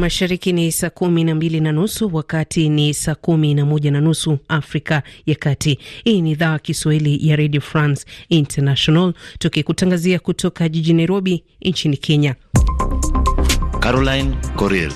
Mashariki ni saa kumi na mbili na nusu wakati ni saa kumi na moja na nusu Afrika ya Kati. Hii ni idhaa Kiswahili ya Radio France International, tukikutangazia kutoka jijini Nairobi nchini Kenya. Caroline Coril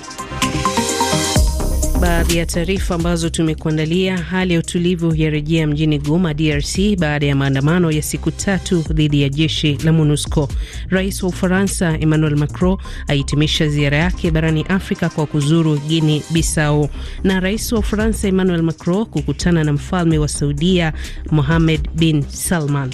Baadhi ya taarifa ambazo tumekuandalia: hali ya utulivu yarejea mjini Goma, DRC, baada ya maandamano ya siku tatu dhidi ya jeshi la MONUSCO. Rais wa Ufaransa Emmanuel Macron ahitimisha ziara yake barani Afrika kwa kuzuru Guini Bissau, na rais wa Ufaransa Emmanuel Macron kukutana na mfalme wa Saudia Mohammed bin Salman.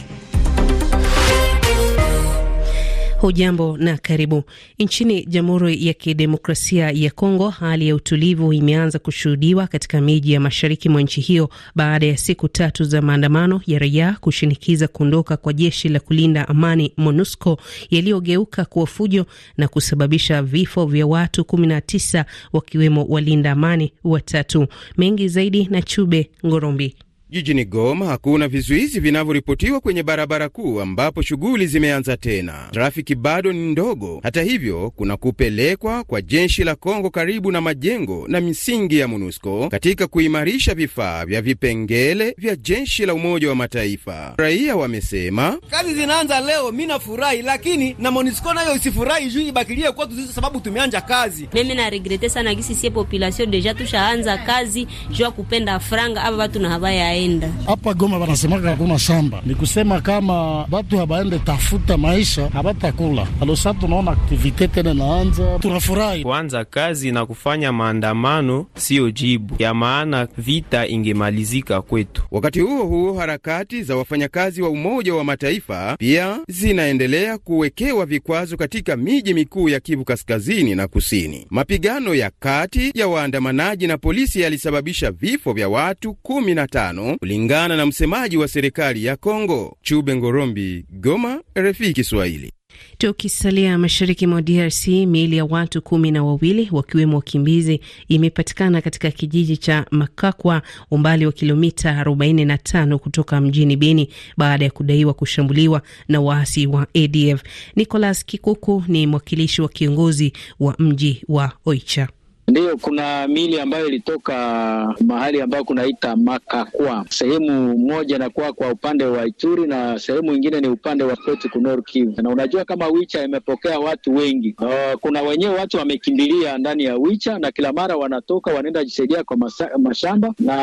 Hujambo na karibu. Nchini Jamhuri ya Kidemokrasia ya Kongo, hali ya utulivu imeanza kushuhudiwa katika miji ya mashariki mwa nchi hiyo baada ya siku tatu za maandamano ya raia kushinikiza kuondoka kwa jeshi la kulinda amani MONUSCO yaliyogeuka kuwa fujo na kusababisha vifo vya watu 19 wakiwemo walinda amani watatu. Mengi zaidi na Chube Ngorombi. Jijini Goma hakuna vizuizi vinavyoripotiwa kwenye barabara kuu ambapo shughuli zimeanza tena. Trafiki bado ni ndogo. Hata hivyo, kuna kupelekwa kwa jeshi la Kongo karibu na majengo na misingi ya MONUSCO katika kuimarisha vifaa vya vipengele vya jeshi la Umoja wa Mataifa. Raia wamesema kazi zinaanza leo, mi nafurahi, lakini na MONUSCO nayo isifurahi juu ibakilie kwetu sisi, sababu tumeanja kazi. Mimi na regrete sana gisi sie population deja tushaanza kazi jua kupenda franga aba batu na habaya kwenda hapa Goma. Wanasemaka hakuna shamba, ni kusema kama batu habaende tafuta maisha habatakula. Alosa tunaona aktivite tena naanza, tunafurahi kuanza kazi na kufanya maandamano, siyo jibu ya maana, vita ingemalizika kwetu. Wakati huo huo, harakati za wafanyakazi wa Umoja wa Mataifa pia zinaendelea kuwekewa vikwazo katika miji mikuu ya Kivu Kaskazini na Kusini. Mapigano ya kati ya waandamanaji na polisi yalisababisha vifo vya watu 15 kulingana na msemaji wa serikali ya Kongo. Chube Ngorombi, Goma, RFI Kiswahili. Tukisalia mashariki mwa DRC, miili ya watu kumi na wawili wakiwemo wakimbizi imepatikana katika kijiji cha Makakwa, umbali wa kilomita 45 kutoka mjini Beni baada ya kudaiwa kushambuliwa na waasi wa ADF. Nicolas Kikuku ni mwakilishi wa kiongozi wa mji wa Oicha. Ndiyo, kuna mili ambayo ilitoka mahali ambayo kunaita Makakwa, sehemu moja inakuwa kwa upande wa Ituri na sehemu ingine ni upande wa kwetu kunor Kivu. Na unajua kama Wicha imepokea watu wengi uh, kuna wenyewe watu wamekimbilia ndani ya Wicha na kila mara wanatoka wanaenda jisaidia kwa masa, mashamba, na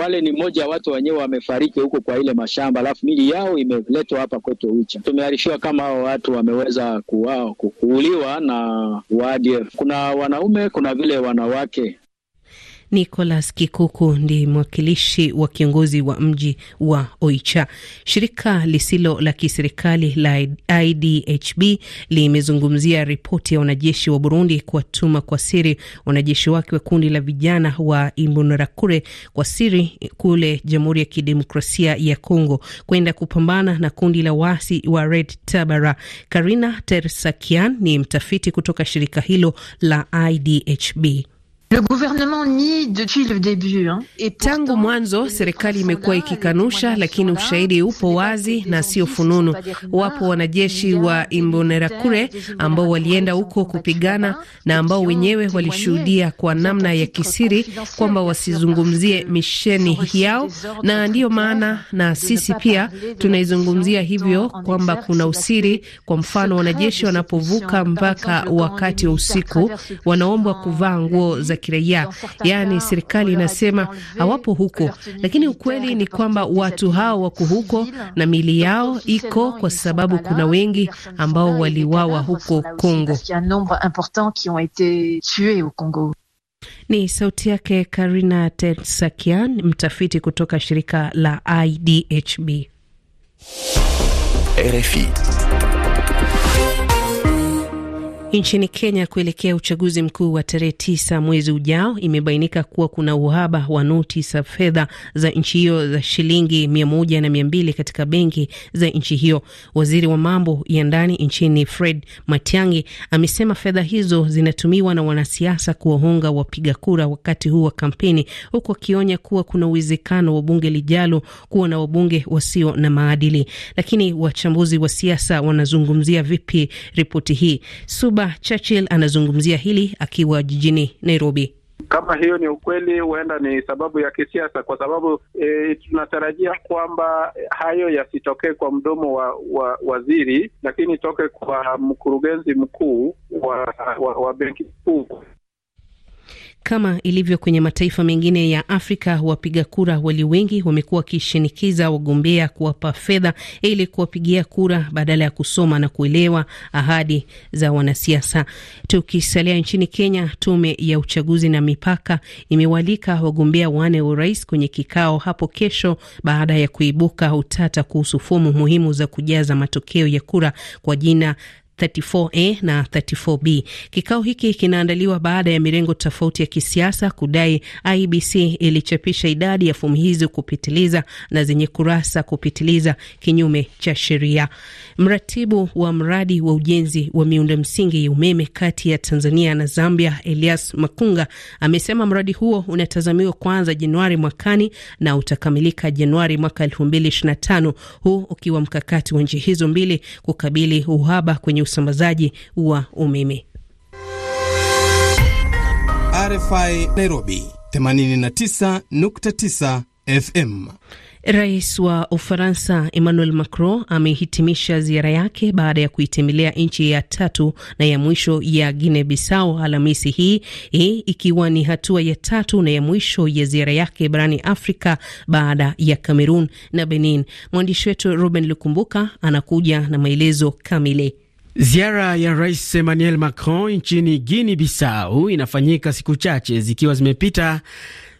wale ni mmoja ya watu wenyewe wamefariki huko kwa ile mashamba, alafu mili yao imeletwa hapa kwetu Wicha. tumearishiwa kama hao watu wameweza kuuliwa na waadf. Kuna wanaume kuna vile wana wanawake nicolas Kikuku ndi mwakilishi wa kiongozi wa mji wa Oicha. Shirika lisilo la kiserikali la IDHB limezungumzia ripoti ya wanajeshi wa Burundi kuwatuma kwa siri wanajeshi wake wa kundi la vijana wa Imbonerakure kwa siri kule Jamhuri ya Kidemokrasia ya Kongo kwenda kupambana na kundi la waasi wa Red Tabara. Karina Tersakian ni mtafiti kutoka shirika hilo la IDHB. Tangu mwanzo serikali imekuwa ikikanusha, lakini ushahidi upo wazi na sio fununu. Wapo wanajeshi wa Imbonerakure ambao walienda huko kupigana na ambao wenyewe walishuhudia kwa namna ya kisiri kwamba wasizungumzie misheni yao, na ndiyo maana na sisi pia tunaizungumzia hivyo kwamba kuna usiri. Kwa mfano, wanajeshi wanapovuka mpaka wakati wa usiku wanaombwa kuvaa nguo za kiraia, yaani serikali inasema hawapo huko, lakini ukweli ni kwamba watu hao wako huko na mili yao iko, kwa sababu kuna wengi ambao waliwawa huko Kongo. Ni sauti yake Karina Tetsakian, mtafiti kutoka shirika la IDHB RFI. Nchini Kenya kuelekea uchaguzi mkuu wa tarehe tisa mwezi ujao, imebainika kuwa kuna uhaba wa noti za fedha za nchi hiyo za shilingi mia moja na mia mbili katika benki za nchi hiyo. Waziri wa mambo ya ndani nchini Fred Matiang'i amesema fedha hizo zinatumiwa na wanasiasa kuwahonga wapiga kura wakati huu wa kampeni, huku akionya kuwa kuna uwezekano wa bunge lijalo kuwa na wabunge wasio na maadili. Lakini wachambuzi wa siasa wanazungumzia vipi ripoti hii Suba Wiba Churchill anazungumzia hili akiwa jijini Nairobi. Kama hiyo ni ukweli, huenda ni sababu ya kisiasa, kwa sababu e, tunatarajia kwamba hayo yasitokee kwa mdomo wa, wa waziri, lakini toke kwa mkurugenzi mkuu wa, wa, wa benki kuu kama ilivyo kwenye mataifa mengine ya Afrika, wapiga kura walio wengi wamekuwa wakishinikiza wagombea kuwapa fedha ili kuwapigia kura badala ya kusoma na kuelewa ahadi za wanasiasa. Tukisalia nchini Kenya, tume ya uchaguzi na mipaka imewalika wagombea wane wa urais kwenye kikao hapo kesho baada ya kuibuka utata kuhusu fomu muhimu za kujaza matokeo ya kura kwa jina 34A na 34B. Kikao hiki kinaandaliwa baada ya mirengo tofauti ya kisiasa kudai IBC e ilichapisha idadi ya fomu hizo kupitiliza na zenye kurasa kupitiliza kinyume cha sheria. Mratibu wa mradi wa ujenzi wa miundo msingi ya umeme kati ya Tanzania na Zambia, Elias Makunga, amesema mradi huo unatazamiwa kuanza Januari mwakani na utakamilika Januari mwaka 2025, huu ukiwa mkakati wa nchi hizo mbili kukabili uhaba kwenye kwenye usambazaji wa umeme. RFI Nairobi 89.9 FM. Rais wa Ufaransa Emmanuel Macron amehitimisha ziara yake baada ya kuitembelea nchi ya tatu na ya mwisho ya Guinea Bissau Alhamisi hii hii ikiwa ni hatua ya tatu na ya mwisho ya ziara yake barani Afrika baada ya Cameroon na Benin. Mwandishi wetu Ruben Lukumbuka anakuja na maelezo kamili. Ziara ya Rais Emmanuel Macron nchini Guinea Bissau inafanyika siku chache zikiwa zimepita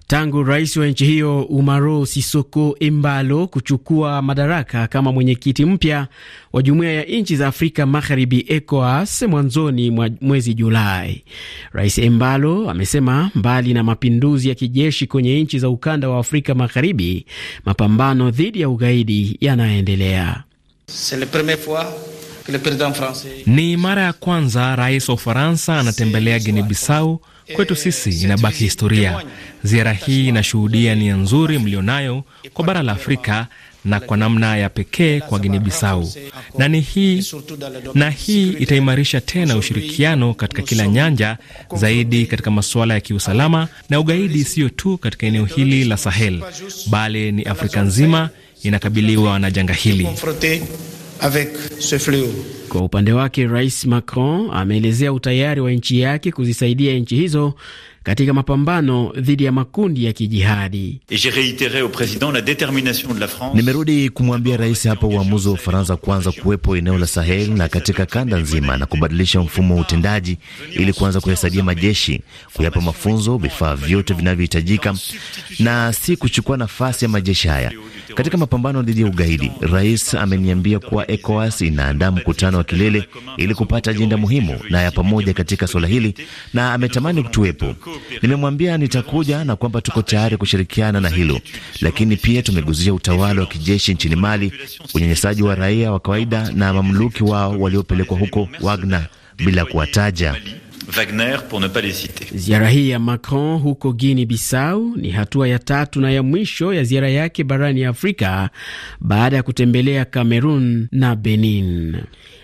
tangu rais wa nchi hiyo Umaro Sisoko Embalo kuchukua madaraka kama mwenyekiti mpya wa jumuiya ya nchi za Afrika Magharibi, ECOWAS, mwanzoni mwa mwezi Julai. Rais Embalo amesema mbali na mapinduzi ya kijeshi kwenye nchi za ukanda wa Afrika Magharibi, mapambano dhidi ya ugaidi yanaendelea. Ni mara ya kwanza rais wa Ufaransa anatembelea Guinea Bissau. Kwetu sisi inabaki historia. Ziara hii inashuhudia nia nzuri mlionayo kwa bara la Afrika na kwa namna ya pekee kwa Guinea Bissau, na ni hii na hii itaimarisha tena ushirikiano katika kila nyanja, zaidi katika masuala ya kiusalama na ugaidi, siyo tu katika eneo hili la Sahel, bali ni Afrika nzima inakabiliwa na janga hili. avec ce fléau. Kwa upande wake, Rais Macron ameelezea utayari wa nchi yake kuzisaidia nchi hizo katika mapambano dhidi ya makundi ya kijihadi. Nimerudi kumwambia rais hapa uamuzi wa Ufaransa kuanza kuwepo eneo la Sahel na katika kanda nzima na kubadilisha mfumo wa utendaji ili kuanza kuyasaidia majeshi, kuyapa mafunzo, vifaa vyote vinavyohitajika na si kuchukua nafasi ya majeshi haya katika mapambano dhidi ya ugaidi. Rais ameniambia kuwa ECOWAS inaandaa mkutano wa kilele ili kupata ajenda muhimu na ya pamoja katika suala hili, na ametamani tuwepo. Nimemwambia nitakuja na kwamba tuko tayari kushirikiana na hilo, lakini pia tumeguzia utawala wa kijeshi nchini Mali, unyanyasaji wa raia wa kawaida na mamluki wao waliopelekwa huko Wagner bila kuwataja Wagner pour ne pas les citer. Ziara hii ya Macron huko Guinea Bissau ni hatua ya tatu na ya mwisho ya ziara yake barani Afrika baada ya kutembelea Cameroon na Benin.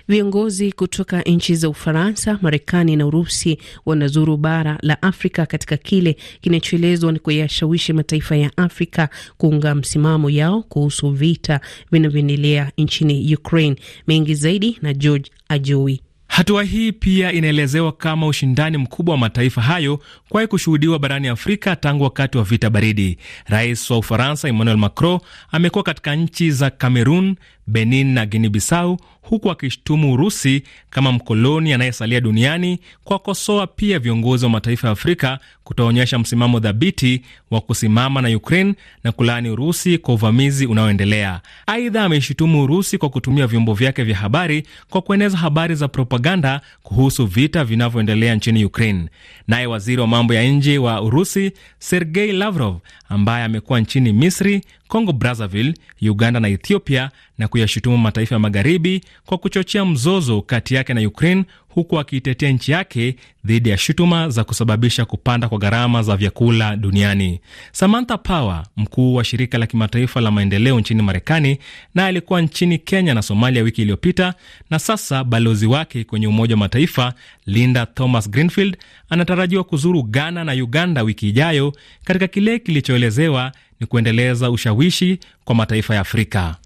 Viongozi kutoka nchi za Ufaransa, Marekani na Urusi wanazuru bara la Afrika katika kile kinachoelezwa ni kuyashawishi mataifa ya Afrika kuunga msimamo yao kuhusu vita vinavyoendelea nchini Ukraine. Mengi zaidi na George Ajoi. Hatua hii pia inaelezewa kama ushindani mkubwa wa mataifa hayo kuwahi kushuhudiwa barani Afrika tangu wakati wa vita baridi. Rais wa Ufaransa Emmanuel Macron amekuwa katika nchi za Cameroon, Benin na Guinea Bissau, huku akishtumu Urusi kama mkoloni anayesalia duniani, kwa kosoa pia viongozi wa mataifa ya Afrika kutoonyesha msimamo dhabiti wa kusimama na Ukraine na kulaani Urusi kwa uvamizi unaoendelea. Aidha, ameishutumu Urusi kwa kutumia vyombo vyake vya habari kwa kueneza habari za propaganda kuhusu vita vinavyoendelea nchini Ukraine. Naye waziri wa mambo ya nje wa Urusi Sergei Lavrov ambaye amekuwa nchini Misri Congo Brazzaville, Uganda na Ethiopia na kuyashutumu mataifa ya magharibi kwa kuchochea mzozo kati yake na Ukraine, huku akiitetea nchi yake dhidi ya shutuma za kusababisha kupanda kwa gharama za vyakula duniani. Samantha Power, mkuu wa shirika la kimataifa la maendeleo nchini Marekani, naye alikuwa nchini Kenya na Somalia wiki iliyopita, na sasa balozi wake kwenye Umoja wa Mataifa Linda Thomas Greenfield anatarajiwa kuzuru Ghana na Uganda wiki ijayo katika kile kilichoelezewa ni kuendeleza ushawishi kwa mataifa ya Afrika.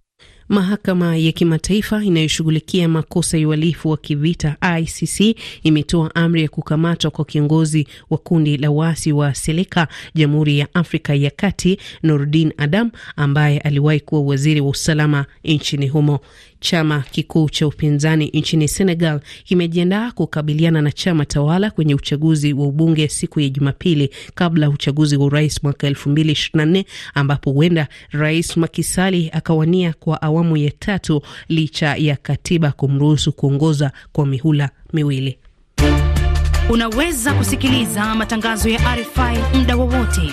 Mahakama ya kimataifa inayoshughulikia makosa ya uhalifu wa kivita ICC imetoa amri ya kukamatwa kwa kiongozi wa kundi la waasi wa Seleka, Jamhuri ya Afrika ya Kati, Nordin Adam ambaye aliwahi kuwa waziri wa usalama nchini humo. Chama kikuu cha upinzani nchini Senegal kimejiandaa kukabiliana na chama tawala kwenye uchaguzi wa ubunge siku ya Jumapili kabla uchaguzi wa urais mwaka 2024 ambapo huenda Rais makisali akawania kwa awamu ya tatu licha ya katiba kumruhusu kuongoza kwa mihula miwili. Unaweza kusikiliza matangazo ya RFI muda wowote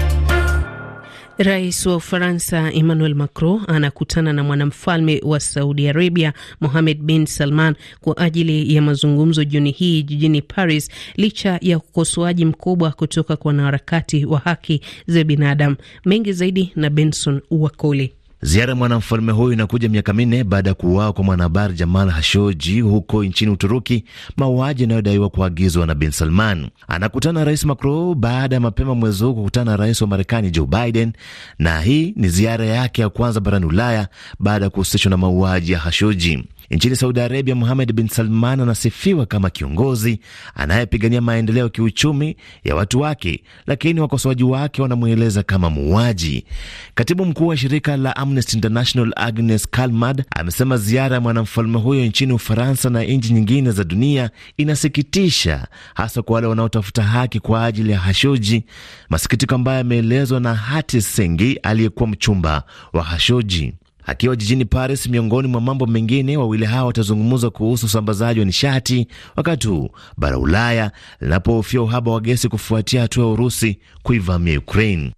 Rais wa Ufaransa Emmanuel Macron anakutana na mwanamfalme wa Saudi Arabia Mohamed bin Salman kwa ajili ya mazungumzo Juni hii jijini Paris, licha ya ukosoaji mkubwa kutoka kwa wanaharakati wa haki za binadamu. Mengi zaidi na Benson Wakoli. Ziara ya mwanamfalme huyu inakuja miaka minne baada ya kuuawa kwa mwanahabari Jamal Hashoji huko nchini Uturuki, mauaji yanayodaiwa kuagizwa na bin Salman. Anakutana na rais Macron baada ya mapema mwezi huu kukutana na rais wa Marekani Joe Biden, na hii ni ziara yake ya kwanza barani Ulaya baada ya kuhusishwa na mauaji ya Hashoji. Nchini Saudi Arabia, Muhamed bin Salman anasifiwa kama kiongozi anayepigania maendeleo ya kiuchumi ya watu wake, lakini wakosoaji wake wanamweleza kama muuaji. Katibu mkuu wa shirika la Amnesty International Agnes Calmard amesema ziara ya mwanamfalme huyo nchini Ufaransa na nchi nyingine za dunia inasikitisha, hasa kwa wale wanaotafuta haki kwa ajili ya Hashoji, masikitiko ambayo yameelezwa na Hati Sengi aliyekuwa mchumba wa Hashoji. Akiwa jijini Paris, miongoni mwa mambo mengine, wawili hawa watazungumza kuhusu usambazaji wa nishati, wakati huu bara Ulaya linapohofia uhaba wa gesi kufuatia hatua ya Urusi kuivamia Ukraine.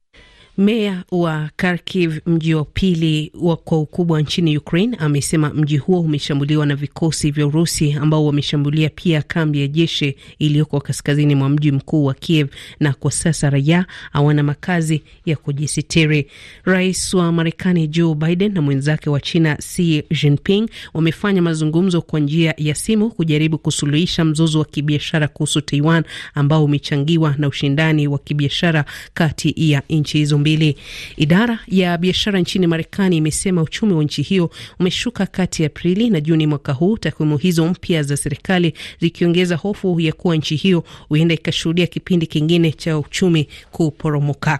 Meya wa Kharkiv, mji wa pili kwa ukubwa nchini Ukraine, amesema mji huo umeshambuliwa na vikosi vya Urusi ambao wameshambulia pia kambi ya jeshi iliyoko kaskazini mwa mji mkuu wa Kiev, na kwa sasa raia hawana makazi ya kujisitiri. Rais wa Marekani Joe Biden na mwenzake wa China Xi Jinping wamefanya mazungumzo kwa njia ya simu kujaribu kusuluhisha mzozo wa kibiashara kuhusu Taiwan ambao umechangiwa na ushindani wa kibiashara kati ya nchi hizo mbili. Idara ya biashara nchini Marekani imesema uchumi wa nchi hiyo umeshuka kati ya Aprili na Juni mwaka huu, takwimu hizo mpya za serikali zikiongeza hofu ya kuwa nchi hiyo huenda ikashuhudia kipindi kingine cha uchumi kuporomoka.